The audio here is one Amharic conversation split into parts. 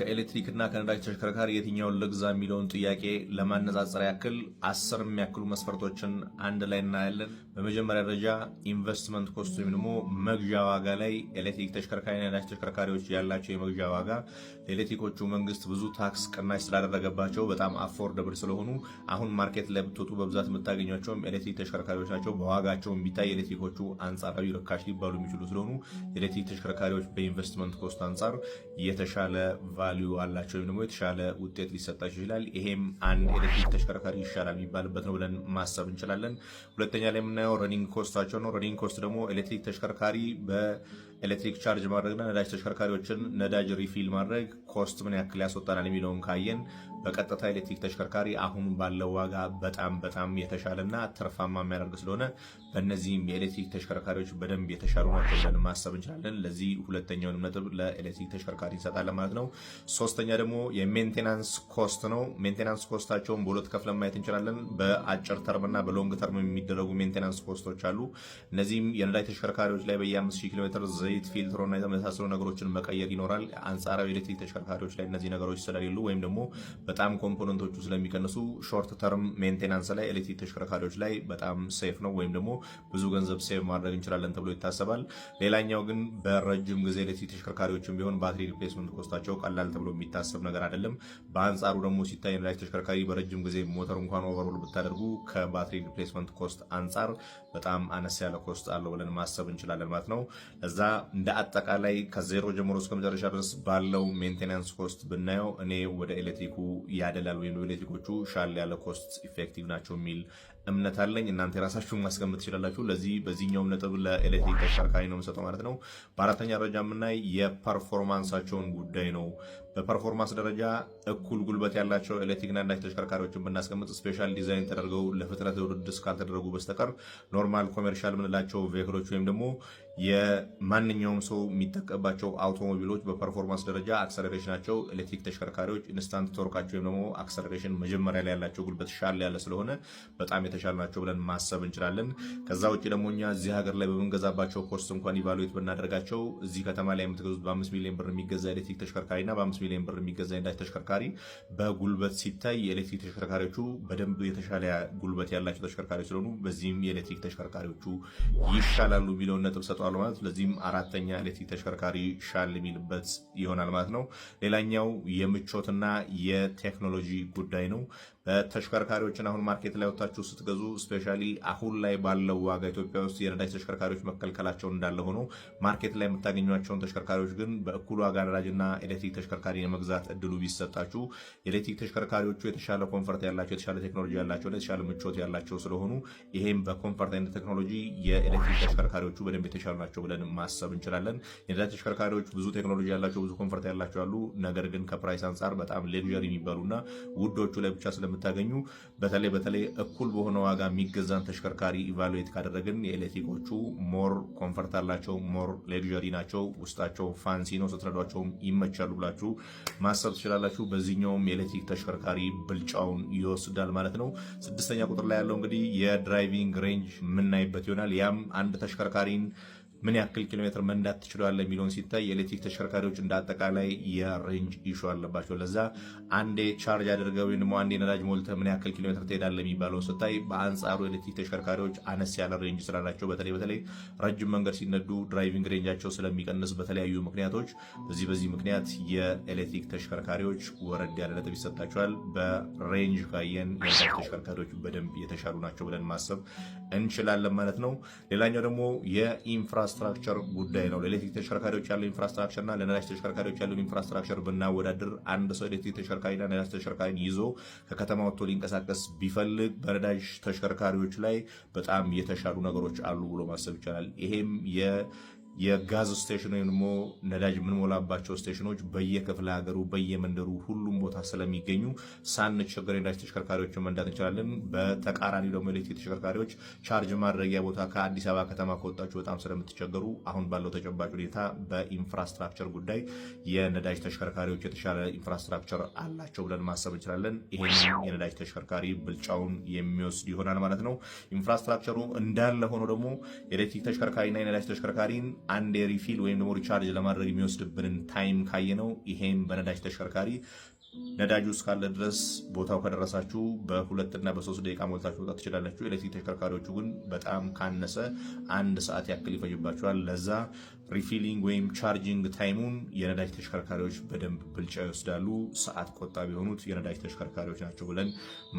ከኤሌክትሪክ እና ከነዳጅ ተሽከርካሪ የትኛውን ልግዛ የሚለውን ጥያቄ ለማነጻጸር ያክል አስር የሚያክሉ መስፈርቶችን አንድ ላይ እናያለን። በመጀመሪያ ደረጃ ኢንቨስትመንት ኮስት ወይም ደግሞ መግዣ ዋጋ ላይ ኤሌክትሪክ ተሽከርካሪና ነዳጅ ተሽከርካሪዎች ያላቸው የመግዣ ዋጋ ለኤሌክትሪኮቹ መንግስት ብዙ ታክስ ቅናሽ ስላደረገባቸው በጣም አፎርደብል ስለሆኑ አሁን ማርኬት ላይ ብትወጡ በብዛት የምታገኟቸውም ኤሌክትሪክ ተሽከርካሪዎች ናቸው። በዋጋቸውም ቢታይ ኤሌክትሪኮቹ አንጻራዊ ርካሽ ሊባሉ የሚችሉ ስለሆኑ ኤሌክትሪክ ተሽከርካሪዎች በኢንቨስትመንት ኮስት አንጻር የተሻለ ቫሊዩ አላቸው ወይም ደግሞ የተሻለ ውጤት ሊሰጣቸው ይችላል። ይሄም አንድ ኤሌክትሪክ ተሽከርካሪ ይሻላል የሚባልበት ነው ብለን ማሰብ እንችላለን። ሁለተኛ ላይ የምናየው ዋነኛው ረኒንግ ኮስታቸው ነው። ረኒንግ ኮስት ደግሞ ኤሌክትሪክ ተሽከርካሪ ኤሌክትሪክ ቻርጅ ማድረግና ነዳጅ ተሽከርካሪዎችን ነዳጅ ሪፊል ማድረግ ኮስት ምን ያክል ያስወጣናል የሚለውን ካየን በቀጥታ ኤሌክትሪክ ተሽከርካሪ አሁን ባለው ዋጋ በጣም በጣም የተሻለና ትርፋማ የሚያደርግ ስለሆነ በእነዚህም የኤሌክትሪክ ተሽከርካሪዎች በደንብ የተሻሉ ናቸው ብለን ማሰብ እንችላለን። ለዚህ ሁለተኛውንም ነጥብ ለኤሌክትሪክ ተሽከርካሪ እንሰጣለን ማለት ነው። ሶስተኛ ደግሞ የሜንቴናንስ ኮስት ነው። ሜንቴናንስ ኮስታቸውን በሁለት ከፍለን ማየት እንችላለን። በአጭር ተርምና በሎንግ ተርም የሚደረጉ ሜንቴናንስ ኮስቶች አሉ። እነዚህም የነዳጅ ተሽከርካሪዎች ላይ በየ5 ኪሎ ሜትር ዘይት እና የተመሳሰሉ ነገሮችን መቀየር ይኖራል። አንጻራዊ ኤሌክትሪክ ተሽከርካሪዎች ላይ እነዚህ ነገሮች ስለሌሉ ወይም ደግሞ በጣም ኮምፖነንቶቹ ስለሚቀንሱ ሾርት ተርም ሜንቴናንስ ላይ ኤሌክትሪክ ተሽከርካሪዎች ላይ በጣም ሴፍ ነው ወይም ደግሞ ብዙ ገንዘብ ሴቭ ማድረግ እንችላለን ተብሎ ይታሰባል። ሌላኛው ግን በረጅም ጊዜ ኤሌክትሪክ ተሽከርካሪዎችም ቢሆን ባትሪ ሪፕሌስመንት ኮስታቸው ቀላል ተብሎ የሚታሰብ ነገር አይደለም። በአንጻሩ ደግሞ ሲታይ ላይ ተሽከርካሪ በረጅም ጊዜ ሞተር እንኳን ኦቨርሆል ብታደርጉ ከባትሪ ሪፕሌስመንት ኮስት አንጻር በጣም አነስ ያለ ኮስት አለው ብለን ማሰብ እንችላለን ማለት ነው ለዛ እንደ አጠቃላይ ከዜሮ ጀምሮ እስከ መጨረሻ ድረስ ባለው ሜንቴናንስ ኮስት ብናየው እኔ ወደ ኤሌክትሪኩ ያደላል ወይም ኤሌክትሪኮቹ ሻል ያለ ኮስት ኢፌክቲቭ ናቸው የሚል እምነት አለኝ። እናንተ የራሳችሁን ማስቀመጥ ትችላላችሁ። ለዚህ በዚህኛውም ነጥብ ለኤሌክትሪክ ተሽከርካሪ ነው የምሰጠው ማለት ነው። በአራተኛ ደረጃ የምናይ የፐርፎርማንሳቸውን ጉዳይ ነው። በፐርፎርማንስ ደረጃ እኩል ጉልበት ያላቸው ኤሌክትሪክና ነዳጅ ተሽከርካሪዎችን ብናስቀምጥ ስፔሻል ዲዛይን ተደርገው ለፍጥነት ውድድስ ካልተደረጉ በስተቀር ኖርማል ኮሜርሻል የምንላቸው ቬክሎች ወይም ደግሞ የማንኛውም ሰው የሚጠቀባቸው አውቶሞቢሎች በፐርፎርማንስ ደረጃ አክሰለሬሽናቸው ኤሌክትሪክ ተሽከርካሪዎች ኢንስታንት ቶርካቸው ወይም ደግሞ አክሰለሬሽን መጀመሪያ ላይ ያላቸው ጉልበት ሻል ያለ ስለሆነ በጣም የተሻሉ ናቸው ብለን ማሰብ እንችላለን። ከዛ ውጭ ደግሞ እኛ እዚህ ሀገር ላይ በምንገዛባቸው ኮርስ እንኳን ኢቫሉዌት ብናደርጋቸው እዚህ ከተማ ላይ የምትገዙት በአምስት ሚሊዮን ብር የሚገዛ ኤሌክትሪክ ተሽከርካሪ እና በአምስት ሚሊዮን ብር የሚገዛ ነዳጅ ተሽከርካሪ በጉልበት ሲታይ የኤሌክትሪክ ተሽከርካሪዎቹ በደንብ የተሻለ ጉልበት ያላቸው ተሽከርካሪዎች ስለሆኑ በዚህም የኤሌክትሪክ ተሽከርካሪዎቹ ይሻላሉ የሚለውን ነጥብ ሰጠዋል ማለት ለዚህም አራተኛ ኤሌክትሪክ ተሽከርካሪ ሻል የሚልበት ይሆናል ማለት ነው። ሌላኛው የምቾትና የቴክኖሎጂ ጉዳይ ነው። ተሽከርካሪዎችን አሁን ማርኬት ላይ ወታችሁ ስትገዙ ስፔሻሊ አሁን ላይ ባለው ዋጋ ኢትዮጵያ ውስጥ የነዳጅ ተሽከርካሪዎች መከልከላቸው እንዳለ ሆኖ ማርኬት ላይ የምታገኟቸውን ተሽከርካሪዎች ግን በእኩል ዋጋ ነዳጅና ኤሌክትሪክ ተሽከርካሪ የመግዛት እድሉ ቢሰጣችሁ ኤሌክትሪክ ተሽከርካሪዎቹ የተሻለ ኮንፈርት ያላቸው፣ የተሻለ ቴክኖሎጂ ያላቸው፣ የተሻለ ምቾት ያላቸው ስለሆኑ ይሄም በኮንፈርት አይነት ቴክኖሎጂ የኤሌክትሪክ ተሽከርካሪዎቹ በደንብ የተሻሉ ናቸው ብለን ማሰብ እንችላለን። የነዳጅ ተሽከርካሪዎች ብዙ ቴክኖሎጂ ያላቸው፣ ብዙ ኮንፈርት ያላቸው አሉ። ነገር ግን ከፕራይስ አንጻር በጣም ሌክዠሪ የሚባሉና ውዶቹ ላይ ብቻ ስለ እንደምታገኙ በተለይ በተለይ እኩል በሆነ ዋጋ የሚገዛን ተሽከርካሪ ኢቫሉዌት ካደረግን የኤሌክትሪኮቹ ሞር ኮንፈርት አላቸው፣ ሞር ሌግዠሪ ናቸው፣ ውስጣቸው ፋንሲ ነው፣ ስትረዷቸውም ይመቻሉ ብላችሁ ማሰብ ትችላላችሁ። በዚህኛውም የኤሌክትሪክ ተሽከርካሪ ብልጫውን ይወስዳል ማለት ነው። ስድስተኛ ቁጥር ላይ ያለው እንግዲህ የድራይቪንግ ሬንጅ የምናይበት ይሆናል። ያም አንድ ተሽከርካሪን ምን ያክል ኪሎ ሜትር መንዳት ትችላለ የሚለውን ሲታይ የኤሌክትሪክ ተሽከርካሪዎች እንደ አጠቃላይ የሬንጅ ኢሹ አለባቸው። ለዛ አንዴ ቻርጅ አድርገው ወይም ደግሞ አንዴ ነዳጅ ሞልተ ምን ያክል ኪሎ ሜትር ትሄዳለ የሚባለውን ስታይ በአንጻሩ የኤሌክትሪክ ተሽከርካሪዎች አነስ ያለ ሬንጅ ስላላቸው በተለይ በተለይ ረጅም መንገድ ሲነዱ ድራይቪንግ ሬንጃቸው ስለሚቀንስ በተለያዩ ምክንያቶች በዚህ በዚህ ምክንያት የኤሌክትሪክ ተሽከርካሪዎች ወረድ ያለ ነጥብ ይሰጣቸዋል። በሬንጅ ካየን የነዳጅ ተሽከርካሪዎች በደንብ የተሻሉ ናቸው ብለን ማሰብ እንችላለን ማለት ነው። ሌላኛው ደግሞ የኢንፍራ ኢንፍራስትራክቸር ጉዳይ ነው። ለኤሌክትሪክ ተሽከርካሪዎች ያለው ኢንፍራስትራክቸር እና ለነዳጅ ተሽከርካሪዎች ያለው ኢንፍራስትራክቸር ብናወዳድር አንድ ሰው ኤሌክትሪክ ተሽከርካሪና ነዳጅ ተሽከርካሪን ይዞ ከከተማ ወጥቶ ሊንቀሳቀስ ቢፈልግ በነዳጅ ተሽከርካሪዎች ላይ በጣም የተሻሉ ነገሮች አሉ ብሎ ማሰብ ይቻላል። ይሄም የጋዝ ስቴሽን ወይም ደግሞ ነዳጅ የምንሞላባቸው ስቴሽኖች በየክፍለ ሀገሩ በየመንደሩ ሁሉም ቦታ ስለሚገኙ ሳንቸገር የነዳጅ ተሽከርካሪዎችን መንዳት እንችላለን። በተቃራኒ ደግሞ ኤሌክትሪክ ተሽከርካሪዎች ቻርጅ ማድረጊያ ቦታ ከአዲስ አበባ ከተማ ከወጣችሁ በጣም ስለምትቸገሩ አሁን ባለው ተጨባጭ ሁኔታ በኢንፍራስትራክቸር ጉዳይ የነዳጅ ተሽከርካሪዎች የተሻለ ኢንፍራስትራክቸር አላቸው ብለን ማሰብ እንችላለን። ይሄን የነዳጅ ተሽከርካሪ ብልጫውን የሚወስድ ይሆናል ማለት ነው። ኢንፍራስትራክቸሩ እንዳለ ሆኖ ደግሞ ኤሌክትሪክ ተሽከርካሪና የነዳጅ ተሽከርካሪን አንድ ሪፊል ወይም ደግሞ ሪቻርጅ ለማድረግ የሚወስድብንን ታይም ካየነው ይሄም በነዳጅ ተሽከርካሪ ነዳጁ እስካለ ድረስ ቦታው ከደረሳችሁ በሁለትና በሶስት ደቂቃ ሞልታችሁ መውጣት ትችላላችሁ። ኤሌክትሪክ ተሽከርካሪዎቹ ግን በጣም ካነሰ አንድ ሰዓት ያክል ይፈጅባችኋል። ለዛ ሪፊሊንግ ወይም ቻርጂንግ ታይሙን የነዳጅ ተሽከርካሪዎች በደንብ ብልጫ ይወስዳሉ። ሰዓት ቆጣቢ የሆኑት የነዳጅ ተሽከርካሪዎች ናቸው ብለን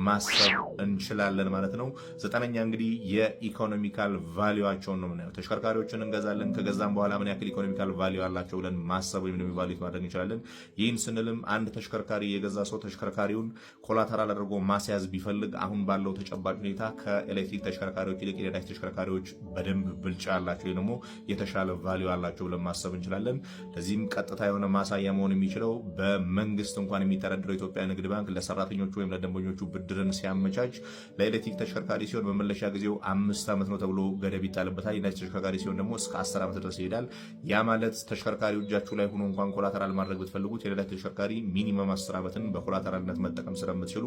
ማሰብ እንችላለን ማለት ነው። ዘጠነኛ እንግዲህ የኢኮኖሚካል ቫሊዋቸውን ነው ምናየው። ተሽከርካሪዎችን እንገዛለን። ከገዛም በኋላ ምን ያክል ኢኮኖሚካል ቫሊዩ አላቸው ብለን ማሰብ ወይም ደግሞ ማድረግ እንችላለን። ይህን ስንልም አንድ ተሽከርካሪ የገዛ ሰው ተሽከርካሪውን ኮላተራል አድርጎ ማስያዝ ቢፈልግ አሁን ባለው ተጨባጭ ሁኔታ ከኤሌክትሪክ ተሽከርካሪዎች ይልቅ የነዳጅ ተሽከርካሪዎች በደንብ ብልጫ አላቸው ወይ ደግሞ የተሻለ ቫሊዩ አላቸው ብለን ማሰብ እንችላለን። ለዚህም ቀጥታ የሆነ ማሳያ መሆን የሚችለው በመንግስት እንኳን የሚተዳደረው ኢትዮጵያ ንግድ ባንክ ለሰራተኞቹ ወይም ለደንበኞቹ ብድርን ሲያመቻች ለኤሌክትሪክ ተሽከርካሪ ሲሆን በመለሻ ጊዜው አምስት ዓመት ነው ተብሎ ገደብ ይጣልበታል። የነዳጅ ተሽከርካሪ ሲሆን ደግሞ እስከ አስር ዓመት ድረስ ይሄዳል። ያ ማለት ተሽከርካሪ እጃችሁ ላይ ሆኖ እንኳን ኮላተራል ማድረግ ብትፈልጉት የነዳጅ ተሽከርካሪ ሚኒመም አስር ዓመትን በኮላተራልነት መጠቀም ስለምትችሉ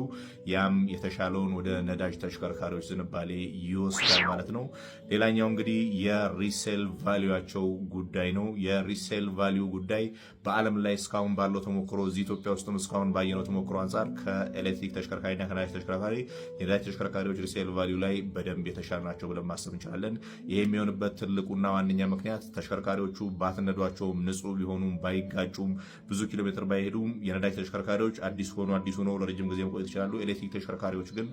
ያም የተሻለውን ወደ ነዳጅ ተሽከርካሪዎች ዝንባሌ ይወስዳል ማለት ነው። ሌላኛው እንግዲህ የሪሴል ቫሊዩቸው ጉዳይ ነው። የሪሴል ቫሊዩ ጉዳይ በዓለም ላይ እስካሁን ባለው ተሞክሮ እዚህ ኢትዮጵያ ውስጥም እስካሁን ባየነው ተሞክሮ አንጻር ከኤሌክትሪክ ተሽከርካሪና ከነዳጅ ተሽከርካሪ የነዳጅ ተሽከርካሪዎች ሪሴል ቫሊዩ ላይ በደንብ የተሻሉ ናቸው ብለን ማሰብ እንችላለን። ይህ የሚሆንበት ትልቁና ዋነኛ ምክንያት ተሽከርካሪዎቹ ባትነዷቸውም ንጹህ ቢሆኑም ባይጋጩም ብዙ ኪሎ ሜትር ባይሄዱም የነዳጅ ተሽከርካሪዎች አዲስ ሆኑ አዲስ ሆኖ ለረጅም ጊዜ መቆየት ይችላሉ። ኤሌክትሪክ ተሽከርካሪዎች ግን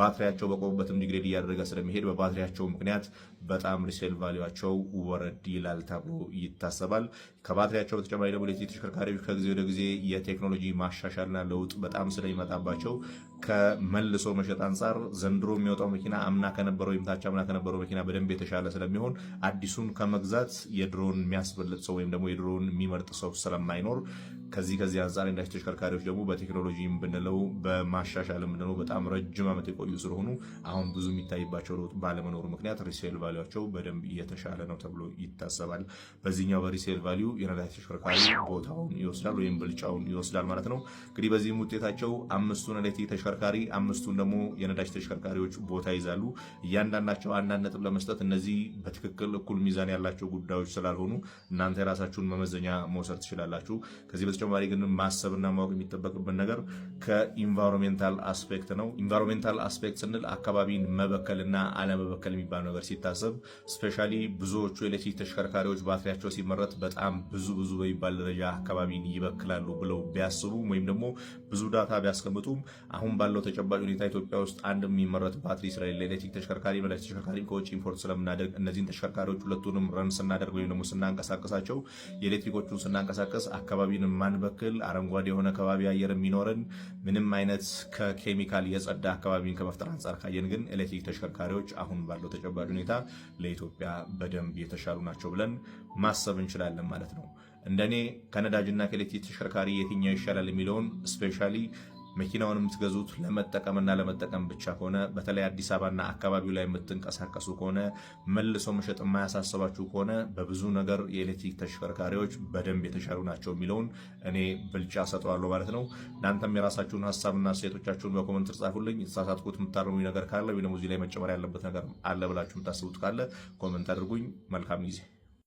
ባትሪያቸው በቆሙበትም ዲግሬድ እያደረገ ስለሚሄድ በባትሪያቸው ምክንያት በጣም ሪሴል ቫሊዋቸው ወረድ ይላል ተብሎ ይታሰባል። ከባትሪያቸው በተጨማሪ ደግሞ ለዚህ ተሽከርካሪዎች ከጊዜ ወደ ጊዜ የቴክኖሎጂ ማሻሻልና ለውጥ በጣም ስለሚመጣባቸው ከመልሶ መሸጥ አንጻር ዘንድሮ የሚወጣው መኪና አምና ከነበረው ታች አምና ከነበረው መኪና በደንብ የተሻለ ስለሚሆን አዲሱን ከመግዛት የድሮን የሚያስበልጥ ሰው ወይም ደግሞ የድሮን የሚመርጥ ሰው ስለማይኖር ከዚህ ከዚህ አንጻር እንዳች ተሽከርካሪዎች ደግሞ በቴክኖሎጂ ብንለው በማሻሻል ብንለው በጣም ረጅም ዓመት የቆዩ ስለሆኑ አሁን ብዙ የሚታይባቸው ለውጥ ባለመኖሩ ምክንያት ሪሴል ቫሊያቸው በደንብ እየተሻለ ነው ተብሎ ይታሰባል። በዚህኛው በሪሴል ቫሊዩ የነዳጅ ተሽከርካሪ ቦታውን ይወስዳል ወይም ብልጫውን ይወስዳል ማለት ነው። እንግዲህ በዚህም ውጤታቸው አምስቱን ኤሌክትሪክ ተሽከርካሪ አምስቱን ደግሞ የነዳጅ ተሽከርካሪዎች ቦታ ይዛሉ። እያንዳንዳቸው አንዳንድ ነጥብ ለመስጠት እነዚህ በትክክል እኩል ሚዛን ያላቸው ጉዳዮች ስላልሆኑ እናንተ የራሳችሁን መመዘኛ መውሰድ ትችላላችሁ። ከዚህ በተጨማሪ ግን ማሰብና ማወቅ የሚጠበቅብን ነገር ከኢንቫይሮንሜንታል አስፔክት ነው። ኢንቫይሮንሜንታል አስፔክት ስንል አካባቢን መበከልና አለመበከል የሚባል ነገር ሲታሰብ ስፔሻሊ ብዙዎቹ ኤሌክትሪክ ተሽከርካሪዎች ባትሪያቸው ሲመረት በጣም ብዙ ብዙ በሚባል ደረጃ አካባቢን ይበክላሉ ብለው ቢያስቡም ወይም ደግሞ ብዙ ዳታ ቢያስቀምጡም አሁን ባለው ተጨባጭ ሁኔታ ኢትዮጵያ ውስጥ አንድ የሚመረት ባትሪ ስለሌለ ኤሌክትሪክ ተሽከርካሪ መለስ ተሽከርካሪ ከውጭ ኢምፖርት ስለምናደርግ እነዚህን ተሽከርካሪዎች ሁለቱንም ረን ስናደርግ ወይም ደግሞ ስናንቀሳቀሳቸው የኤሌክትሪኮቹን ስናንቀሳቀስ አካባቢን ማንበክል አረንጓዴ የሆነ ከባቢ አየር የሚኖረን ምንም አይነት ከኬሚካል የጸዳ አካባቢን ከመፍጠር አንጻር ካየን ግን ኤሌክትሪክ ተሽከርካሪዎች አሁን ባለው ተጨባጭ ሁኔታ ለኢትዮጵያ በደንብ የተሻሉ ናቸው ብለን ማሰብ እንችላለን ማለት ነው። እንደኔ ከነዳጅና ከኤሌክትሪክ ተሽከርካሪ የትኛው ይሻላል የሚለውን ስፔሻሊ መኪናውን የምትገዙት ለመጠቀምና ለመጠቀም ብቻ ከሆነ በተለይ አዲስ አበባና አካባቢው ላይ የምትንቀሳቀሱ ከሆነ መልሶ መሸጥ የማያሳስባችሁ ከሆነ በብዙ ነገር የኤሌክትሪክ ተሽከርካሪዎች በደንብ የተሻሉ ናቸው የሚለውን እኔ ብልጫ ሰጠዋለሁ ማለት ነው። እናንተም የራሳችሁን ሀሳብና ሴቶቻችሁን በኮመንት ጽፉልኝ። የተሳሳትኩት የምታርሙ ነገር ካለ ወይ ደግሞ እዚህ ላይ መጨመር ያለበት ነገር አለ ብላችሁ የምታስቡት ካለ ኮመንት አድርጉኝ። መልካም ጊዜ